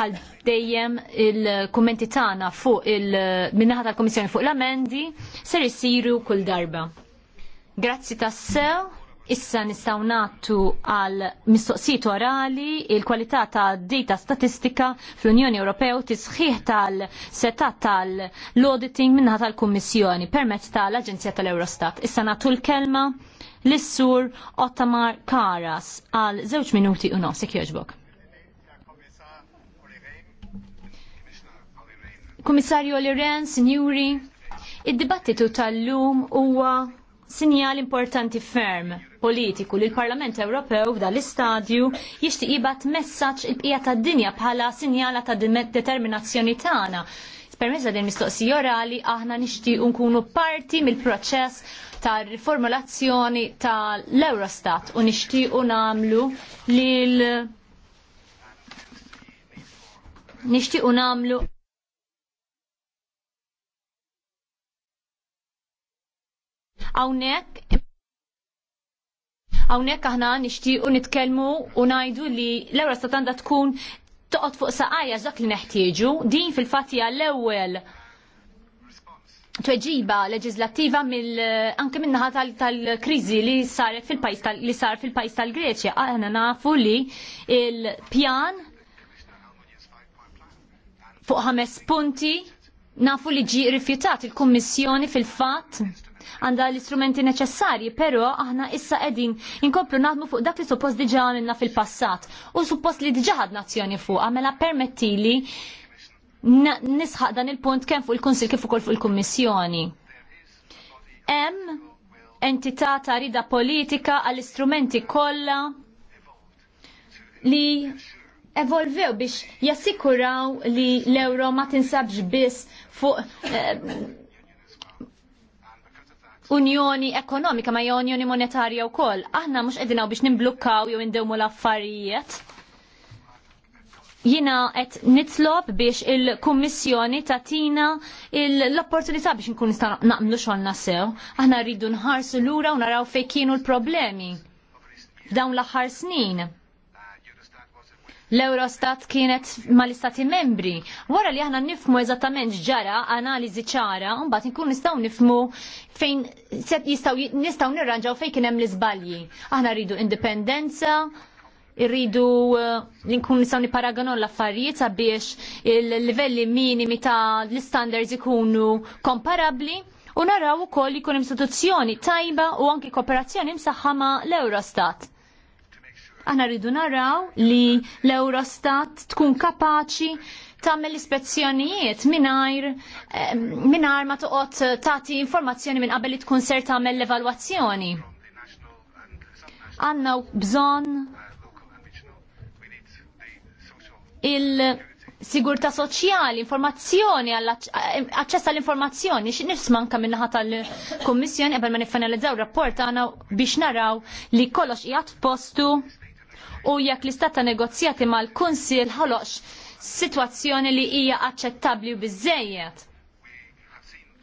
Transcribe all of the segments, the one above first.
bħal dejjem il-kummenti tagħna fuq il-minnaħa tal-Komissjoni fuq l-amendi ser isiru kull darba. Grazzi tassew, issa nistgħu nagħtu għal mistoqsijiet orali il-kwalità ta' data statistika fl-Unjoni Ewropew tisħiħ tal-setat tal-auditing minnaħa tal-Kummissjoni permezz tal-Aġenzija tal-Eurostat. Issa nagħtu l-kelma l issur Ottamar Karas għal żewġ minuti u nofsek jogħġbok. Komissarju Liren, Sinjuri, id-dibattitu tal-lum huwa sinjal importanti ferm politiku li l-Parlament Ewropew f'dan l-istadju jishti jibgħat messaġġ il-bqija tad-dinja bħala sinjala ta' determinazzjoni tagħna. Permezza din mistoqsija orali aħna nixtiequ nkunu parti mill-proċess ta' riformulazzjoni tal eurostat u nixtiequ nagħmlu lil Nishti nagħmlu Hawnhekk Hawnhekk aħna nixtiequ nitkellmu u ngħidu li l-Eurostat għandha tkun toqgħod fuq saqajja żak li neħtieġu, din fil-fatt hija l-ewwel tweġiba leġislattiva mill anke minnaħa tal-kriżi li saret fil-pajis li sar fil-pajis tal-Greċja. Aħna nafu li il-pjan fuq ħames punti nafu li ġi rifjutat il-Kummissjoni fil-fatt għandha l-istrumenti neċessarji, però aħna issa qegħdin inkomplu naħdmu fuq dak li suppost diġa għamilna fil-passat u suppost li diġà għad nazzjoni fuq għamela permettili nisħaq dan il-punt kemm fuq il-Kunsil kif ukoll fuq il-Kummissjoni. Hemm entità ta' rida politika għall-istrumenti kollha li evolvew biex jassikuraw li l-euro ma tinsabx biss fuq eh, unjoni ekonomika ma unjoni monetarja wkoll. Aħna mhux qegħdinaw biex nimblukkaw jew indewmu l-affarijiet. Jina qed nitlob biex il-Kummissjoni tatina l-opportunità biex nkun nista' naqmlu xogħolna sew. Aħna rridu nħarsu lura u naraw fejn kienu l-problemi Dawn l-aħħar snin l-Eurostat kienet mal-istati membri. Wara li aħna nifmu eżattament ġara, analiżi ċara, bat nkun nistgħu nifmu fejn jistgħu nistgħu nirranġaw fejn kien hemm l-iżbalji. Aħna rridu indipendenza, irridu li eh, nkun nistgħu niparagonu l-affarijiet sabiex il-livelli minimi ta' l-standards ikunu komparabbli u naraw ukoll ikun istituzzjoni tajba u anki kooperazzjoni msaħħa ma' l-Eurostat Aħna rridu naraw li l-Eurostat tkun kapaċi tagħmel ispezzjonijiet mingħajr mingħajr ma toqgħod tagħti informazzjoni minn qabel li tkun ser tagħmel l-evalwazzjoni. Għandna bżonn il-sigurta soċjali, informazzjoni, għall aċċess għall-informazzjoni, xin nisman minn naħa tal-Kommissjoni, għabel ma nifanalizzaw rapport għana biex naraw li kollox jgħat postu u jekk l-istat ta' negozjati mal-Kunsil ħoloqx situazzjoni li hija aċċettabbli u biżejjed.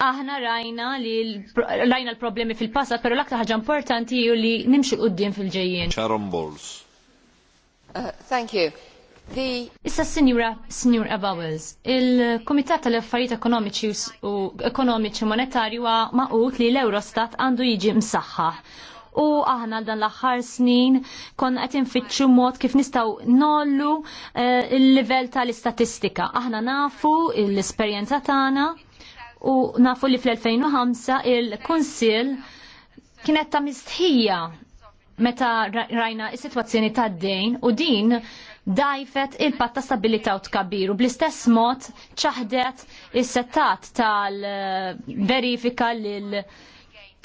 Aħna rajna li rajna l-problemi fil-passat, pero l-aktar ħaġa importanti ju li nimxu qudiem fil-ġejjien. Sharon Bowles. Uh, thank you. The... Issa Signora, Signora Bowles, il-Komitat tal-Affarijiet Ekonomiċi u Ekonomiċi Monetarju huwa maqut li l-Eurostat għandu jiġi msaħħa u aħna dan l-aħħar snin konna qed infittxu mod kif nistgħu nollu eh, il-livell tal-istatistika. Aħna nafu l-esperjenza tagħna u nafu li fl-2005 il-Kunsill kienet ta' mistħija meta rajna il-situazzjoni sitwazzjoni tad-dejn u din dajfet il-pat ta' stabilita u tkabbir bl-istess mod ċaħdet is settat tal-verifika eh, l lil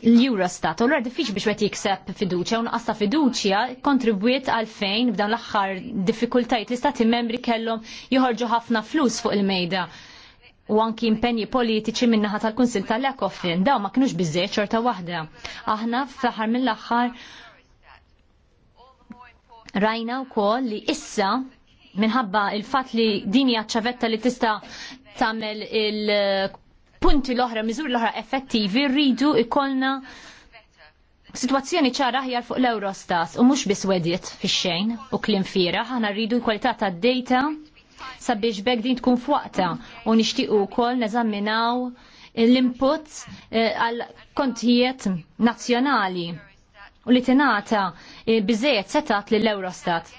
l-Eurostat. U l-għar diffiċ biex wet jikseb fiduċja, u għasta fiduċja kontribwiet għalfejn b'dan l-axħar diffikultajt li stati membri kellhom joħorġu ħafna flus fuq il-mejda u anki impenji politiċi minnaħa tal-Kunsil tal-Ekofin. Daw ma kienux biżżejjed xorta waħda. Aħna fl-aħħar mill-aħħar rajna wkoll li issa minħabba il-fat li din hija ċavetta li tista' tagħmel il punti l-oħra, miżur l-oħra effettivi, rridu ikolna Situazzjoni ċara ħjar fuq l-Eurostas u mhux biss wedjet fix-xejn u klim fira, aħna rridu kwalità tad-data sabiex bekk din tkun fuqta u nixtiequ wkoll neżamminaw l-input eh, għal kontijiet nazzjonali u li tingħata eh, biżejjed setat lill-Eurostat.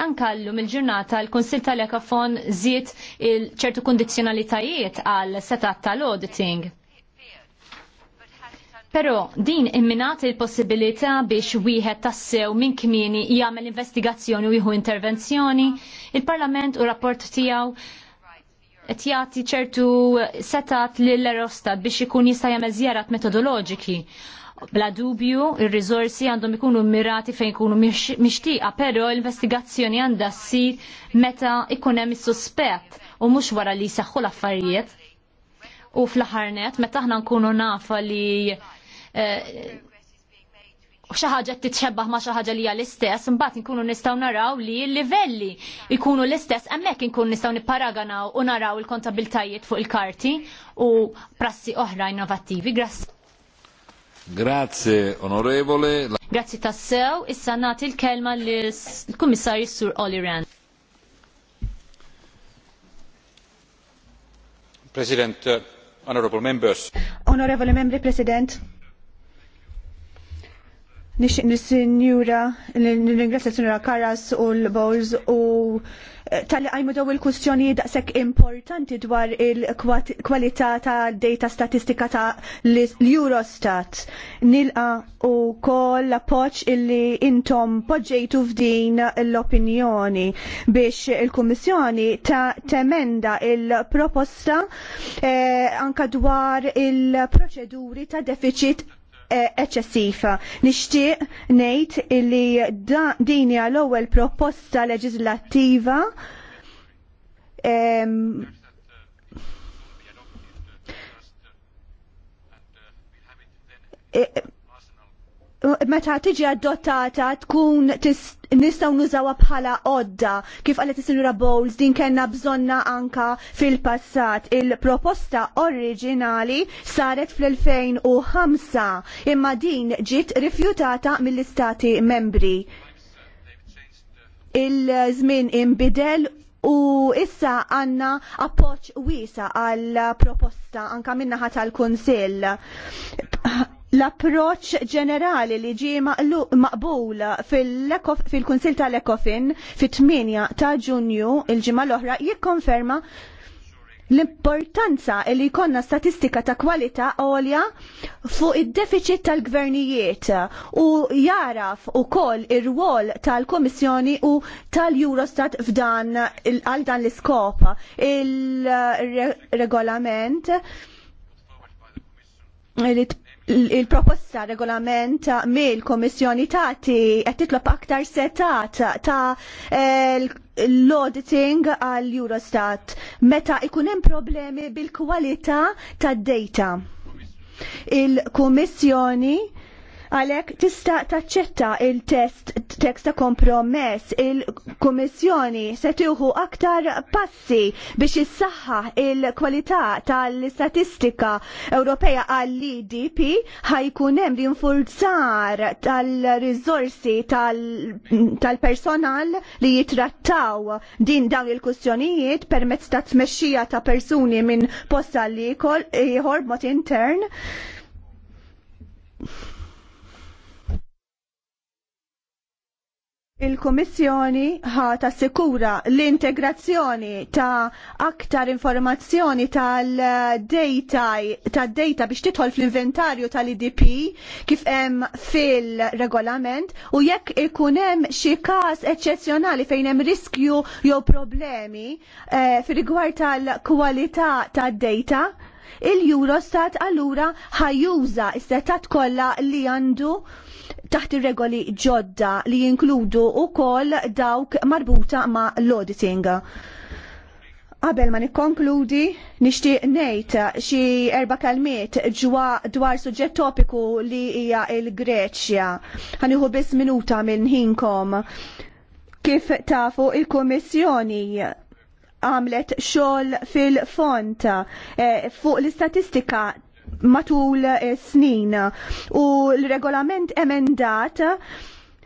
Ankallu mill-ġurnata l-Konsil tal-Ekafon il ċertu kondizjonalitajiet għal setat tal-auditing. Pero din imminat il-possibilità biex wieħed tassew minn kmieni jagħmel investigazzjoni u jieħu intervenzjoni, il-Parlament u rapport tiegħu qed jagħti ċertu setat lill erostat biex ikun jista' jagħmel żjarat metodoloġiki bla dubju il rizorsi għandhom ikunu mirati fejn ikunu mixtieqa, però l-investigazzjoni għandha ssir meta ikun hemm is-suspett u mhux wara li jseħħu l-affarijiet. U fl-aħħar nett meta aħna nkunu nafa li eh, xi ħaġa titxebbaħ ma xi ħaġa li hija l-istess, imbagħad inkunu nistgħu naraw li l-livelli jkunu l-istess hemmhekk inkunu nistgħu nipparaganaw u naraw il-kontabiltajiet fuq il-karti u prassi oħra innovattivi. Grazzi. Grazie onorevole. Grazie tassew, issa nagħti l kelma l-Kummissarju Sur Rand. President, uh, honorable members. Onorevoli membri, President. Nixin nis-sinjura, nirringrazzja s-sinjura Karas u l-Bowles u tal għajmu daw il-kustjoni daqsek importanti dwar il-kwalità ta' data statistika ta' l-Eurostat. Nilqa u koll l-appoċ illi intom poġġejtu f'din l-opinjoni biex il-Kummissjoni ta' temenda il-proposta eh, anka dwar il-proċeduri ta' deficit eċċessiv. Nixtieq ngħid illi din hija l-ewwel proposta leġislattiva e, meta tiġi adottata tkun nistgħu nużawa bħala odda kif qalet is-Sinjura Bowles din kellna bżonna anka fil-passat. Il-proposta oriġinali saret fl-2005 imma din ġiet rifjutata mill-istati membri. Il-żmien imbidel u issa għanna appoċ wisa għal proposta anka minnaħat tal-Kunsill l-approċ ġenerali li ġie maqbul fil-Kunsil tal-Ekofin fit-8 ta' Ġunju il-ġimgħa l-oħra jikkonferma l-importanza li jkollna statistika ta' kwalità għolja fuq id-deficit tal-gvernijiet u jaraf ukoll ir-rwol tal-Komissjoni u tal-Eurostat f'dan għal dan l-iskop il-regolament li il-proposta regolament mill-Komissjoni Tati qed titlob aktar setat ta' eh, l-auditing għal Eurostat meta ikun hemm problemi bil-kwalità tad-data. Il-Kummissjoni Għalek tista taċċetta il-test tekst ta' kompromess il-Kummissjoni se tieħu aktar passi biex issaħħa il-kwalità tal-istatistika Ewropea għall-IDP ħajkun hemm rinforzar tal-riżorsi tal-personal li jitrattaw din dawn il-kustjonijiet permezz ta' tmexxija ta' persuni minn posta li jħor mod intern Il-Komissjoni ħata sikura l-integrazzjoni ta' aktar informazzjoni tal-data tad data biex titħol fl-inventarju tal-IDP kif hemm fil-regolament u jekk ikun hemm xi każ eċċezzjonali fejn hemm riskju jew problemi eh, fir-rigward tal-kwalità tad-data il-Eurostat allura ħajjuża is-setat kollha li għandu taħt ir-regoli ġodda li jinkludu wkoll dawk marbuta ma' l-auditing. Qabel ma nikkonkludi, nixtieq ngħid xi erba' kalmiet ġwa dwar suġġett topiku li hija l-Greċja. Ħanieħu biss minuta minn ħinkom. Kif tafu il-Kummissjoni għamlet xogħol fil-font eh, fuq l-istatistika matul eh, snin u l-regolament emendat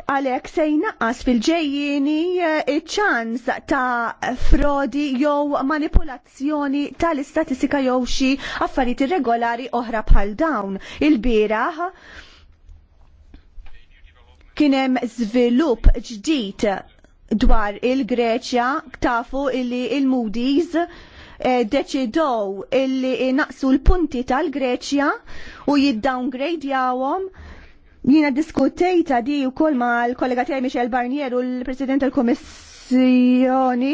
għalek se għas fil-ġejjini eh, ċans ta' frodi jew manipulazzjoni tal-istatistika jew xi affarijiet irregolari oħra bħal dawn. il biraħ kien hemm żvilupp ġdid dwar il-Greċja tafu illi il-Moody's il greċja tafu illi il moodys il il moodys Eh, deċidow illi naqsu l-punti tal-Greċja u jiddowngradjawhom. Jina diskutejta di u kol ma l-kollega tiegħi Michel Barnier u l-President tal-Kommissjoni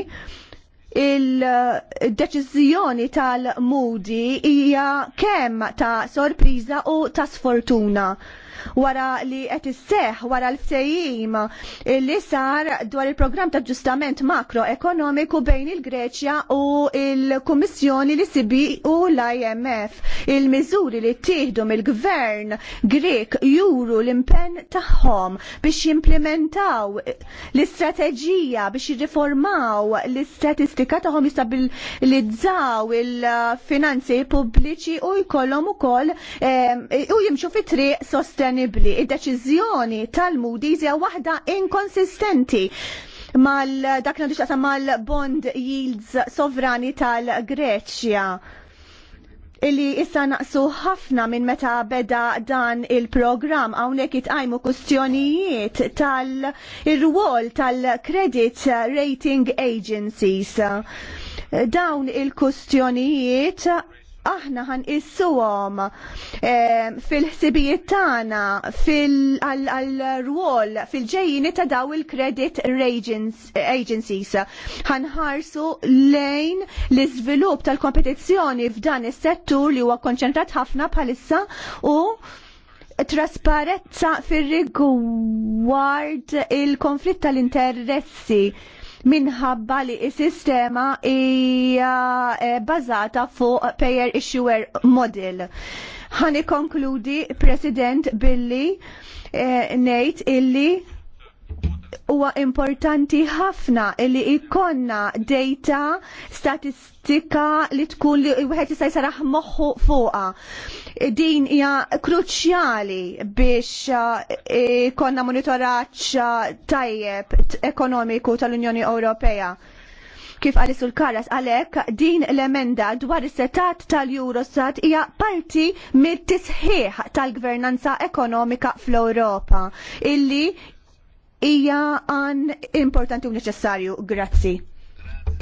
il-deċiżjoni tal-Mudi hija kemm ta' sorpriża u ta' sfortuna wara li qed isseħ wara l-ftehim li sar dwar il-programm ta' ġustament makroekonomiku bejn il-Greċja u il-Kummissjoni li sibi u l-IMF. Il-miżuri li ttieħdu mill-Gvern Grek juru l-impenn tagħhom biex jimplementaw l-istrateġija biex jirriformaw l-istatistika tagħhom jistabilizzaw il-finanzi pubbliċi u jkollhom ukoll eh, u jimxu fi triq sosten sostenibli. Id-deċiżjoni tal-Moody's hija waħda inkonsistenti mal dak li mal-bond yields sovrani tal-Greċja illi issa naqsu ħafna minn meta beda dan il-programm hawnhekk itqajmu kustjonijiet tal-irwol tal-credit rating agencies. Dawn il-kustjonijiet aħna ħan issuhom eh, fil-ħsibijiet tagħna għal-rwol fil-ġejjini ta' daw il-credit agencies. ħarsu lejn l-iżvilupp tal-kompetizzjoni f'dan is-settur li huwa konċentrat ħafna bħalissa u trasparenza fir-rigward il-konflitt tal-interessi minħabba li s-sistema hija eh, bażata fuq payer issuer model. Ħani konkludi, President, billi eh, illi huwa importanti ħafna li ikonna data statistika li tkun li wieħed jista' jsaraħ moħħu fuqha. Din hija kruċjali biex eh, ikonna monitoraġġ eh, tajjeb ekonomiku tal-Unjoni Ewropea kif għalis l karas għalek din l-emenda dwar is-setat tal-Eurostat hija parti mit-tisħiħ tal-gvernanza ekonomika fl-Ewropa illi ija għan importanti u neċessarju. Grazzi.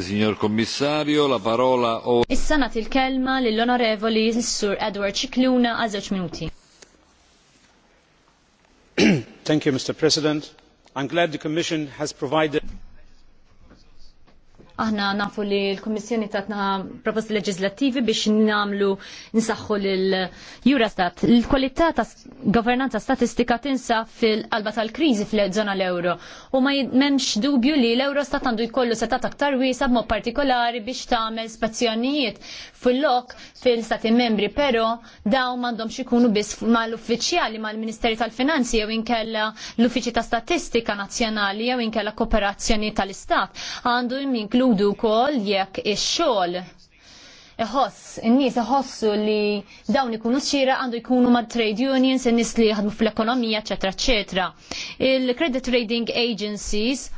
Signor Kommissarju, la parola o... Issana til kelma lill-onorevoli Sur Edward Cicluna għal żewġ minuti. Thank you, Mr. President. I'm glad the Commission has provided... Aħna nafu li l-Kommissjoni tatna proposti leġislattivi biex namlu nsaħħu l-Eurostat. L-kwalità ta' governanza statistika tinsa fil-qalba tal-krizi fil zona l-euro. U ma memx dubju li l-Eurostat għandu jkollu setat aktar wisa b'mod partikolari biex tagħmel spazzjonijiet fil-lok fil-stati membri, pero daw m'għandhomx ikunu biss mal-uffiċjali mal-Ministeri tal-Finanzi jew inkella l-Uffiċi ta' Statistika Nazzjonali jew inkella Kooperazzjoni tal-Istat. Għandu jminklu ninkludu kol jekk ix-xogħol iħoss, in-nies iħossu li dawn ikunu xira għandu jkunu mad trade unions, in-nies li jaħdmu fl-ekonomija, etc. etc. Il-credit trading agencies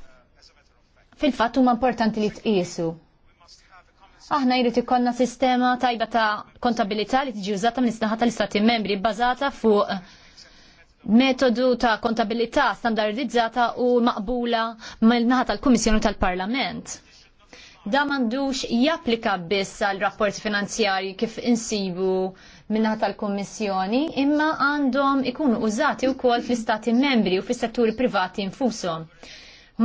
fil-fatt huma importanti li tqisu. Aħna jrid ikollna sistema tajba ta' kontabilità li tiġi użata minn isnaħa tal-istati membri bbażata fuq metodu ta' kontabilità standardizzata u maqbula mill-naħa tal-Kummissjoni tal-Parlament Da mandux japplika biss għal rapporti finanzjari kif insibu minnaħat tal-Kommissjoni, imma għandhom ikunu użati u kol fl-istati membri u fl-setturi privati infusom.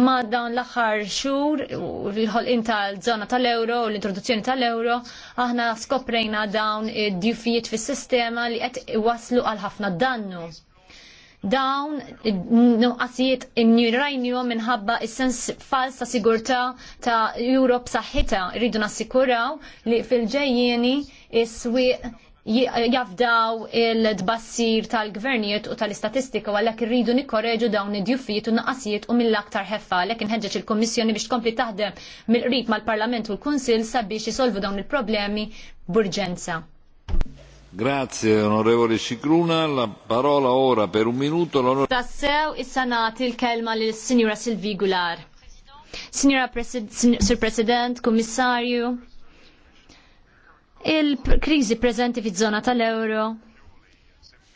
Ma dawn l-axar xur, l-ħolqin tal-zona tal-euro u l-introduzzjoni tal-euro, aħna skoprejna dawn id-djufijiet fis-sistema li qed waslu għal ħafna dannu dawn nuqqasijiet njirajnjom minħabba il-sens falsa sigurta ta' Europe saħħita rridu nassikuraw li fil-ġejjeni is-swieq jafdaw il-tbassir tal-gvernijiet u tal-istatistika għallek irridu nikkoreġu dawn id-djuffijiet u naqasijiet u mill-aktar ħeffa għallek nħedġeċ il komissjoni biex tkompli taħdem mill-qrib mal-Parlament u l-Kunsil sabiex jisolvu dawn il-problemi burġenza. Grazie onorevole Scicluna, la parola ora per un minuto l'onorevole... Tassew is-sanat il-kelma lil sinjura Silvi Gular. Sinjura Presid Sir President, Kummissarju, il-kriżi preżenti fi zona tal-euro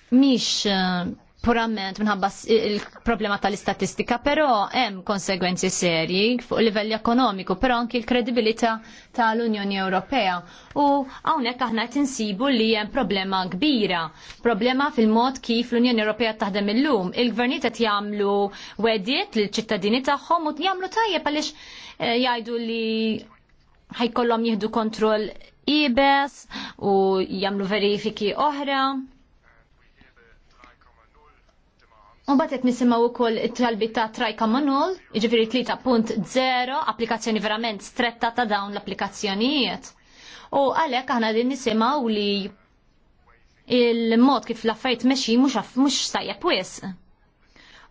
mhix eh, purament minħabba il-problema tal-istatistika, però hemm konsegwenzi serji fuq livell ekonomiku, però anki l-kredibilità tal-Unjoni Ewropea. U hawnhekk aħna qed insibu li hemm problema kbira, problema fil-mod kif l-Unjoni Ewropea taħdem illum. Il-gvernijiet qed jagħmlu wediet lill-ċittadini tagħhom u jagħmlu tajjeb għaliex eh, jgħidu li ħajkollhom jieħdu kontroll ibes u jagħmlu verifiki oħra Mbagħad qed nisimgħu wkoll it-talbi ta' Trajka Manol, jiġifieri tlita punt zero, applikazzjoni verament stretta ta' dawn l-applikazzjonijiet. U għalhekk aħna din nisimgħu li il-mod kif l-affarijiet mexi mhux mhux wisq.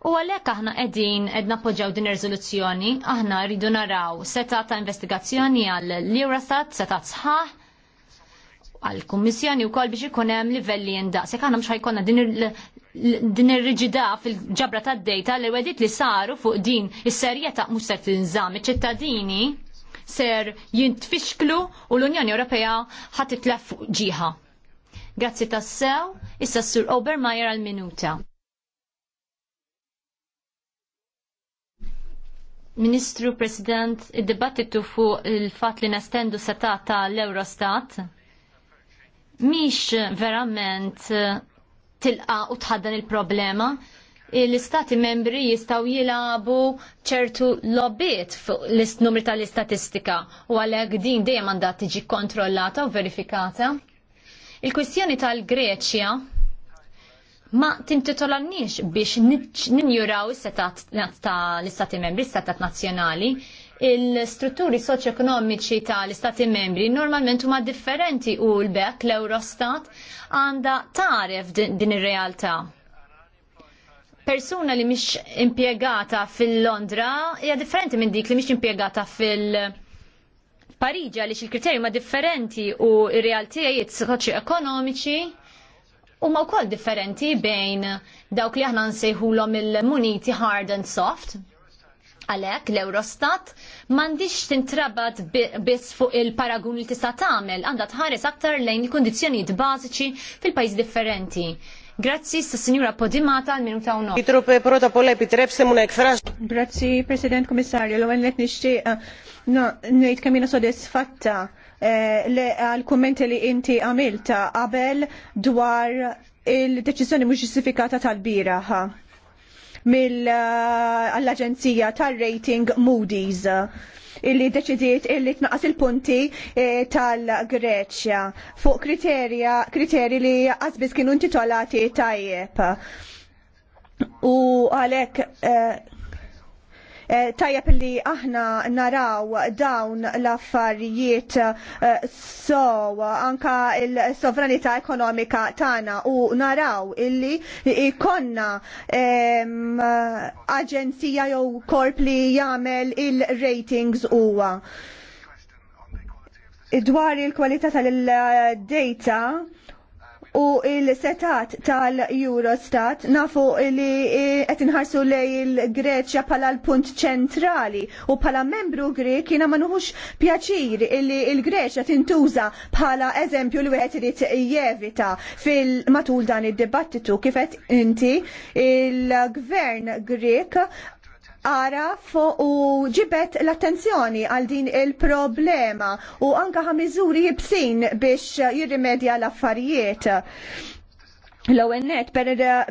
U għalhekk aħna qegħdin qed nappoġġjaw din ir-riżoluzzjoni, aħna rridu naraw seta ta' investigazzjoni għal l-Eurostat, seta sħaħ, għal-Kummissjoni u kol biex ikun hemm livelli jendaqs. Jekk aħna mhux ħajkonna din din ir-riġidà fil-ġabra tad-dejta li wedit li saru fuq din is-serjetà mhux se tinżamm iċ-ċittadini ser jintfixklu u l-Unjoni Ewropea ħadd fuq ġieħa. Grazzi tassew, issa s-sur Obermeyer għal-minuta. Ministru President, id-dibattitu fuq il-fat li nestendu setata l-Eurostat miex verament tilqa u tħaddan il-problema. L-istati membri jistaw jilabu ċertu lobbiet fuq l-numri tal-istatistika u għalhekk din dejjem għandha tiġi kontrollata u verifikata. Il-kwistjoni tal-Greċja ma tintitolanniex biex ninjuraw is-setat tal-istati membri, is-setat nazzjonali, il-strutturi soċ-ekonomiċi tal-Istati membri normalment huma differenti u l-bekk l-Eurostat għanda taref din ir-realtà. Persuna li mhix impjegata fil-Londra hija differenti minn dik li mhix impjegata fil- Pariġa għaliex il kriterju ma differenti u r-realtajiet soċi-ekonomiċi huma wkoll differenti bejn dawk li aħna nsejħulhom il-muniti hard and soft għalhekk l-Eurostat m'għandix tintrabat biss fuq il-paragun li tista' tagħmel, għandha tħares aktar lejn il-kundizzjonijiet bażiċi fil-pajjiż differenti. Grazzi sa signora Podimata għal minuta u nofs. Grazzi President Komissarju, l-għan let nixtieq eh, ngħid kemm jiena sodisfatta eh, għal-kommenti li inti għamilta eh, qabel dwar il-deċiżjoni mhux ġustifikata tal-bieraħ mill-Aġenzija tar-rating Moody's illi deċidiet illi tnaqas il-punti eh, tal-Greċja fuq kriterji li għazbis kienu intitolati tajjeb. U għalek eh, Eh, tajjeb li aħna naraw dawn l-affarijiet eh, sow anka il-sovranità ekonomika tagħna u naraw illi ikonna aġenzija jew korp li jagħmel il-ratings huwa. Dwar il-kwalità tal-data u il-setat tal-Eurostat nafu li e, qed inħarsu lej il-Greċja pala l-punt ċentrali u pala membru Grek jiena ma nuhux pjaċir li il-Greċja tintuża bħala eżempju li wieħed irid jevita fil-matul dan id-dibattitu kifet inti il-gvern Grek fu u ġibet l-attenzjoni għal din il-problema u anka miżuri jibsin biex jirrimedja l-affarijiet. L-ONET per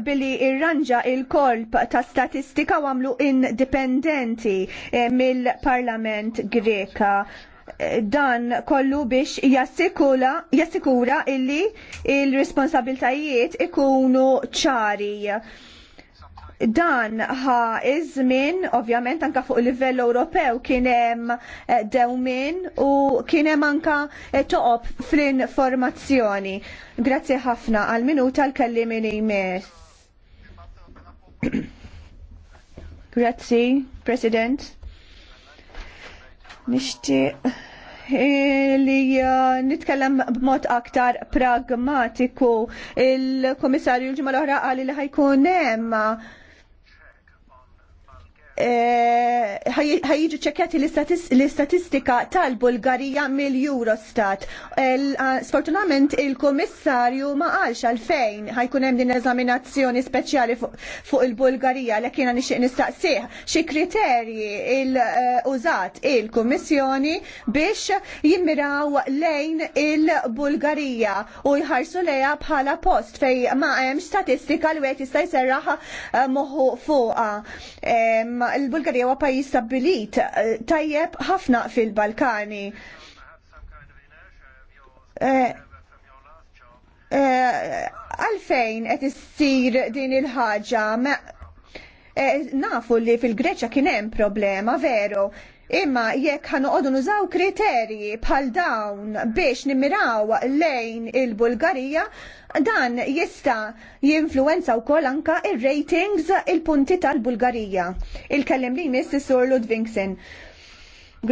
billi irranġa il-kolb ta' statistika u għamlu indipendenti eh, mill-Parlament Greka. Dan kollu biex jassikura illi il-responsabiltajiet ikunu ċari Dan ħa iż-żmien ovvjament anka fuq livell Ewropew kien hemm eh, dewmin u kien hemm anka eh, toqob fl-informazzjoni. Grazzi ħafna għal minuta l kellim li jmiss. Grazzi, President. Nixtieq eh, li nitkellem b'mod aktar pragmatiku. Il-Komissarju l l-oħra qali li ħajkun hemm Eh, ħajġu ċekjati l-istatistika tal-Bulgarija mill-Eurostat. Sfortunament il-Komissarju ma qalx għalfejn ħajkun hemm din eżaminazzjoni speċjali fuq il-Bulgarija li kiena nixtieq nistaqsih xi kriterji eh, użat il-Kummissjoni biex jimmiraw lejn il-Bulgarija u jħarsu lejha bħala post fej ma hemm statistika li wieħed jista' jserraħ eh, moħħu fuqha l-Bulgarija huwa pajjiż stabbilit eh, tajjeb ħafna fil-Balkani. Eh, eh, għalfejn qed issir din il-ħaġa nafu li fil-Greċja kien hemm problema veru Imma jekk ħanoqogħdu nużaw kriterji bħal dawn biex nimmiraw lejn il-Bulgarija, dan jista' jinfluwenza wkoll anka il ratings il punti tal-Bulgarija. Il-kellem li jmiss sur Ludvingsen.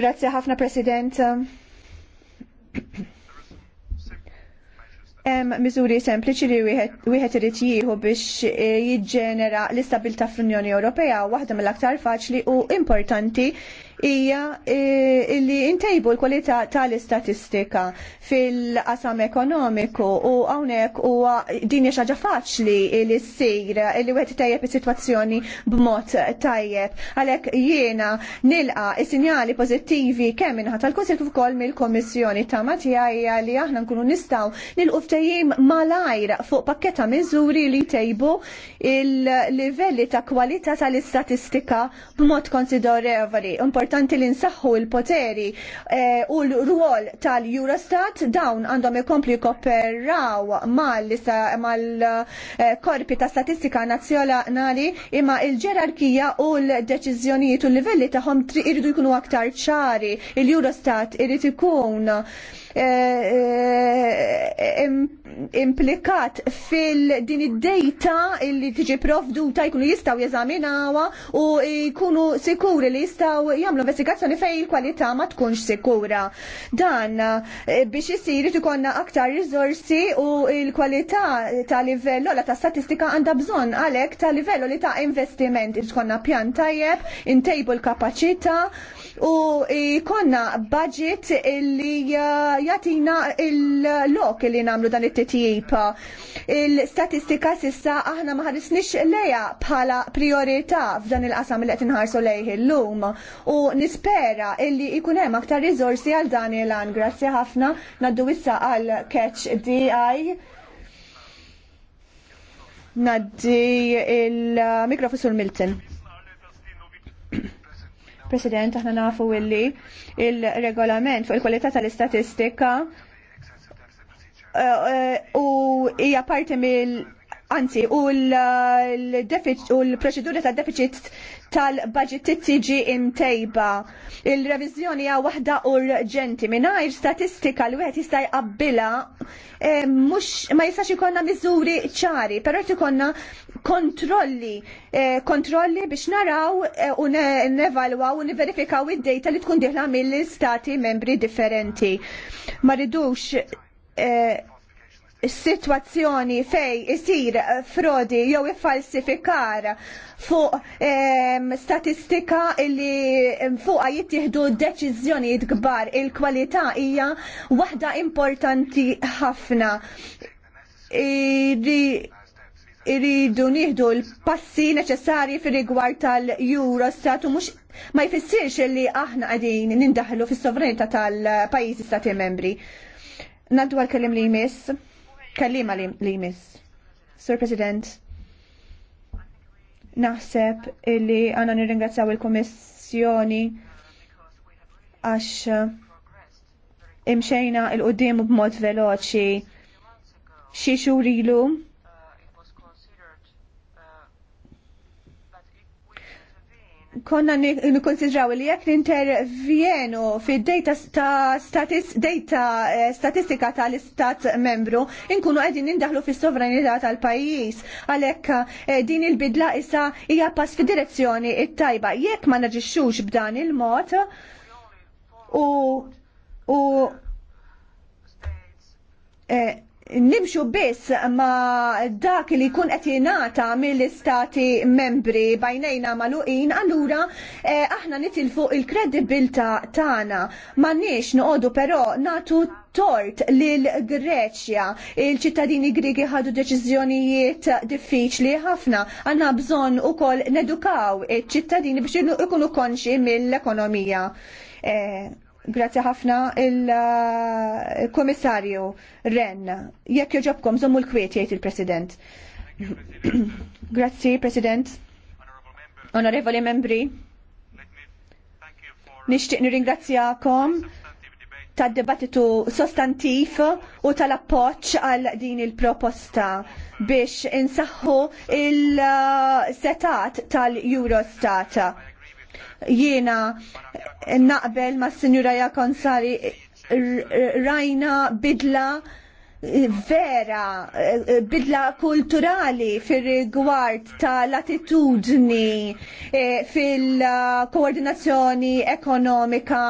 Grazzi ħafna President. Hemm miżuri sempliċi li wieħed irid jieħu biex eh, jiġġenera l-istabilta fl-Unjoni Ewropea waħda mill-aktar faċli u importanti hija eh, li intajbu l-kwalità tal-istatistika fil-qasam ekonomiku u hawnhekk huwa din hija ħaġa faċli li ssir li għet tajjeb is-sitwazzjoni b'mod tajjeb. Għalhekk jiena nilqa is-sinjali pożittivi kemm inħat tal-Kunsil kif ukoll mill-Kommissjoni ta' tiegħi li aħna nkunu nistgħu nilqu ftehim malajr fuq pakketa' miżuri li tejbu il-livelli ta' kwalità tal-istatistika b'mod konsiderevoli importanti li nsaħħu il-poteri eh, u l ruol tal-Eurostat dawn għandhom ikompli jkopperaw mal-korpi ta' statistika nazzjonali imma il-ġerarkija u l-deċiżjonijiet u l-livelli tagħhom irridu jkunu aktar ċari. Il-Eurostat irrid ikun Eh, eh, implikat fil-din id-dejta li tiġi provduta jkunu jistaw jeżaminawa u jkunu sikuri li jistaw jagħmlu investigazzjoni fej il-kwalità ma tkunx sikura. Dan eh, biex isir ikonna aktar riżorsi u l-kwalità ta' livell ola ta' statistika għandha bżonn għalhekk ta' livell li ta' investiment tkonna pjan tajjeb, intejbu l-kapaċità u jkollna budget illi uh, jagħtina il-lok illi nagħmlu dan it-titjib. Il-statistika sissa aħna ma nix lejha bħala priorità f'dan il-qasam li qed inħarsu l illum u nispera illi jkun hemm aktar rizorsi għal dan il għan Grazie ħafna naddu issa għal catch DI. Naddi il-mikrofon uh, Milton. President, aħna nafu illi il-regolament fuq il-kwalità tal-istatistika uh, uh, u hija parti mill Anzi, u l-proċedura tad deficit tal-budget tiġi imtejba. Il-revizjoni hija waħda urġenti mingħajr statistika li wieħed jista' jqabbilha eh, mhux ma jistax ikollna miżuri ċari, però qed ikollna kontrolli, eh, kontrolli biex naraw eh, u nevalwaw u niverifikaw id-dejta li tkun diħla mill-istati membri differenti. Ma ridux situazzjoni fej isir eh, frodi jew ifalsifikar fuq ehm, statistika illi ehm, fuqa jittieħdu deċiżjonijiet kbar il-kwalità hija waħda importanti ħafna. Iridu nieħdu l-passi neċessari fir rigward tal-Eurostat u mhux ma jfissirx li aħna qegħdin nindaħlu fis-sovranità tal-pajjiżi stati membri. Nadwar kellim li jmiss. Kallima li, jmiss. Sir President, naħseb illi għanna nirringrazzaw il-Komissjoni għax uh, imxejna il-qoddim b'mod veloċi xie xurilu konna nikonsidraw li jekk nintervjenu fid-data sta statis, data eh, statistika tal-istat membru, inkunu qegħdin nindaħlu fis-sovranità tal-pajjiż. Għalhekk eh, din il-bidla issa hija pass fid-direzzjoni it-tajba. Jekk ma naġixxux b'dan il-mod u u eh, nimxu biss ma dak li kun qed jingħata mill-istati membri bajnejna magħluqin, allura eh, aħna nitilfu il-kredibilta tagħna. nix noqogħdu però natu tort lil Greċja il-ċittadini Grigi ħadu deċiżjonijiet diffiċli ħafna. Għanna bżon u kol nedukaw il-ċittadini biex ikunu konxi mill-ekonomija. Eh, Grazie ħafna il-komissarju Ren. Jekk joġobkom zommu l-kwiet jgħid il-President. Grazzi, President. Onorevoli membri. Nixtieq nirringrazzjakom tad dibattitu sostantiv u tal-appoċ għal din il-proposta biex insaħħu il-setat tal-Eurostat Jiena naqbel ma' Sinjura Jakonsari rajna bidla vera, bidla kulturali fir rigward tal-attitudni e, fil-koordinazzjoni ekonomika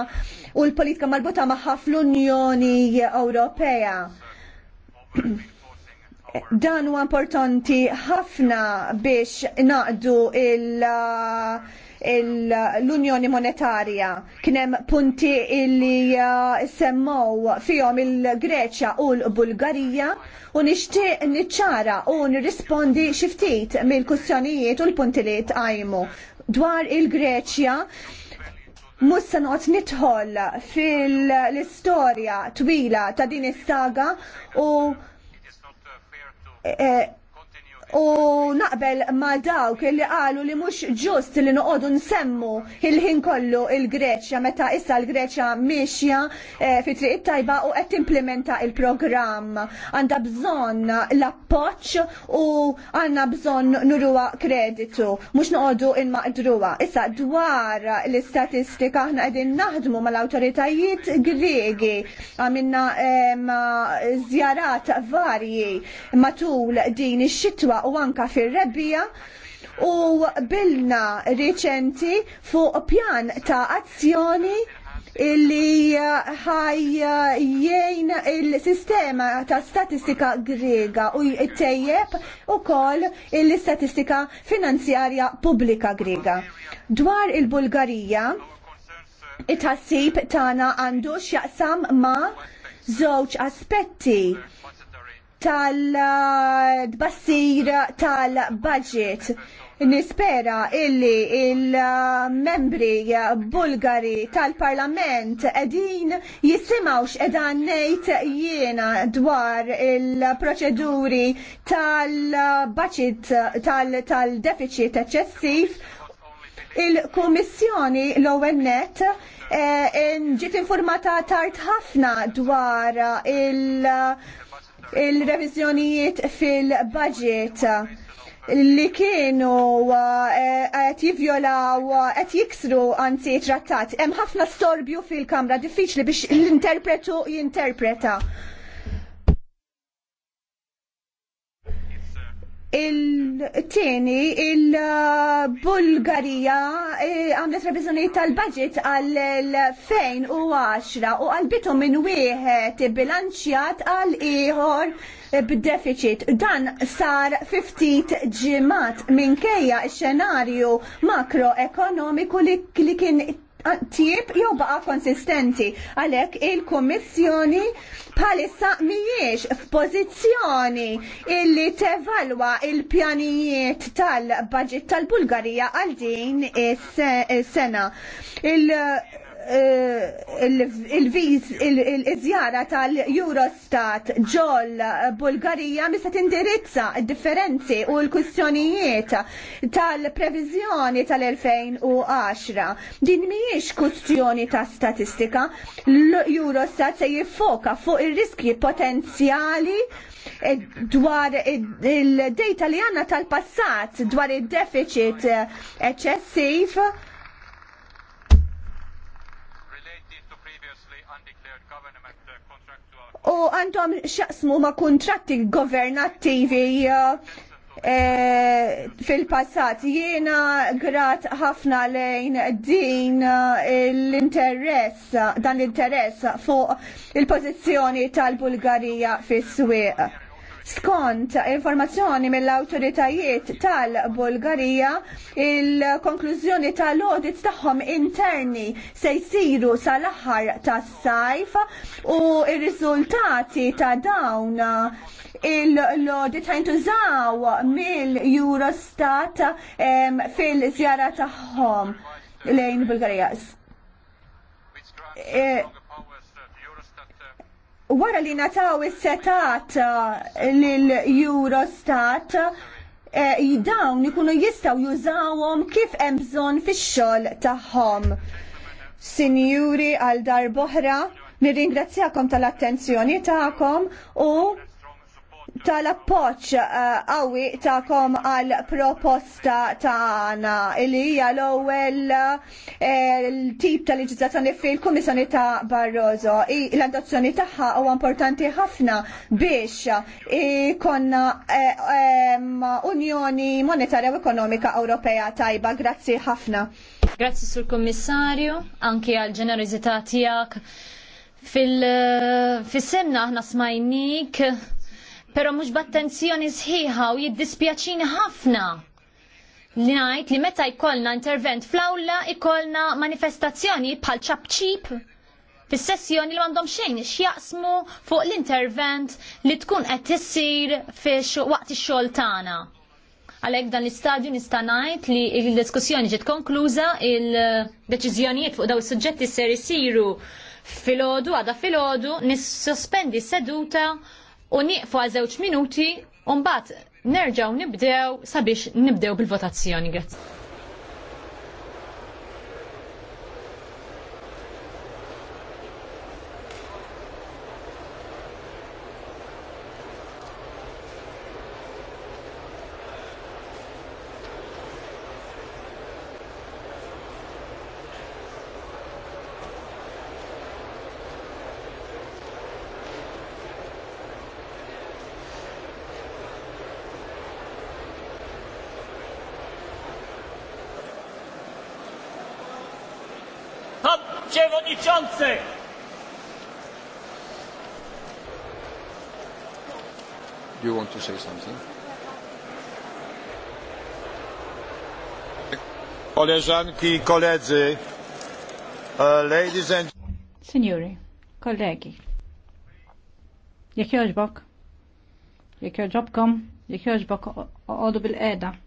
u l-politika marbuta maħħa fl-Unjoni Ewropea. Dan huwa importanti ħafna biex naqdu il- l-Unjoni Monetarja. Kienem punti illi uh, semmow fihom il-Greċja u l-Bulgarija u nixtieq niċċara u nirrispondi xiftit mill-kussjonijiet u l-punti li tqajmu dwar il-Greċja. Mussa not nitħol fil-istoria twila ta' din is-saga u eh, U naqbel ma dawk li qalu li mhux ġust li noqogħdu nsemmu il-ħin kollu il-Greċja meta issa l-Greċja miexja eh, fi triq tajba u qed timplementa il-programm. Għandha bżonn l appoċ u għandna bżonn nuruha kreditu, mhux noqogħdu maqdruwa Issa dwar l-istatistika aħna qegħdin naħdmu mal-awtoritajiet gregi. għamina eh, żjarat varji matul din ix-xitwa u anka fir-rebbija u bilna riċenti fuq pjan ta' azzjoni illi ħaj jgħin il-sistema ta' statistika grega u jtejjeb u kol il-statistika finanzjarja publika grega. Dwar il-Bulgarija, it-ħassib tana għandu xjaqsam ma' żewġ aspetti tal-bassir tal-budget. Nispera illi il-membri bulgari tal-parlament edin jisimawx edan nejt jiena dwar il-proċeduri tal-budget tal-deficit eccessiv il-Kummissjoni l-ewwel eh, ġiet informata tard ħafna dwar il- il-revizjonijiet fil-budget li kienu eh, qed jivjolaw qed jiksru anzi trattat. Hemm ħafna storbju fil-kamra diffiċli biex l-interpretu jinterpreta. il-tieni il-Bulgarija eh, għamlet revizjoni tal-budget għal-2010 u għalbitu minn wieħed bilanċjat għal ieħor b'deficit. Dan sar 50 ġimat minkejja x-xenarju makroekonomiku li kien tip jew baqa konsistenti. Għalhekk il-Kummissjoni bħalissa mhijiex f'pożizzjoni illi tevalwa il-pjanijiet tal-baġit tal-Bulgarija għal din is-sena. il Eh, il-żjara tal-Eurostat ġol Bulgarija mista tindirizza differenzi u l-kwistjonijiet tal-previżjoni tal-2010. Din mhijiex kwistjoni ta' statistika. L-Eurostat se jiffoka fuq ir-riski potenzjali eh, dwar il-data li għanna tal-passat dwar il-deficit eċessiv u għandhom xaqsmu ma' kontratti governattivi eh, eh, fil-passat jiena grat ħafna lejn din eh, l-interess, dan l-interess fuq il-pozizjoni tal-Bulgarija fis-swieq. Skont informazzjoni mill-autoritajiet tal-Bulgarija, il-konklużjoni tal-audit tagħhom interni se jsiru sal-aħħar tas-sajf u ir-riżultati ta' dawn il-lodi ta' jintużaw mill-Eurostat fil-zjara tagħhom lejn Bulgarija. Eh, wara li nataw is-setat eh, lil Eurostat jidawn eh, dawn ikunu jistaw jużawhom kif hemm bżonn fix-xogħol tagħhom. Sinjuri għal darboħra, nirringrazzjakom tal-attenzjoni tagħkom u tal-appoċ eh, għawi tagħkom ta'kom għal proposta ta'na li hija l-ewwel eh, tip ta' leġislazzjoni fil-Kummissjoni ta' Barroso. L-adozzjoni tagħha huwa importanti ħafna biex ikonna eh, Unjoni Monetarja u Ekonomika Ewropea tajba. Grazzi ħafna. Grazzi Sur Kommissarju, anki għal ġenerożità tiegħek. Fil-semna aħna smajnik pero mhux b'attenzjoni sħiħa u jiddispjaċini ħafna li ngħid li meta jkollna intervent fl-awla jkollna manifestazzjoni bħal ċabċib fis-sessjoni li m'għandhom xejn x'jaqsmu fuq l-intervent li tkun qed tissir fix waqt ix-xogħol tagħna. Għalhekk dan l-istadju nista' ngħid li l-diskussjoni ġiet konkluża il-deċiżjonijiet fuq daw is-suġġetti ser isiru filgħodu għada filgħodu nissospendi s-seduta u nieqfu għal żewġ minuti u mbagħad nerġgħu nibdew sabiex nibdew bil-votazzjoni. Grazzi. Przewodniczący! Do you want to say something? Koleżanki i koledzy, uh, ladies and... Signori, kollegi, jek joġbok, jek o- o- o- għodu bil-eda.